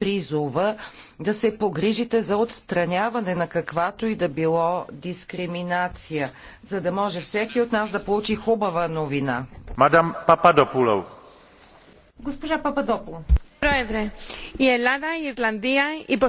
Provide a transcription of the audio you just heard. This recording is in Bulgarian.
призова да се погрижите за отстраняване на каквато и да било дискриминация, за да може всеки от нас да получи хубава новина. Мадам Пападопулов. Госпожа Пападопулов. Πρόεδρε, η Ελλάδα, η Ιρλανδία, υπο...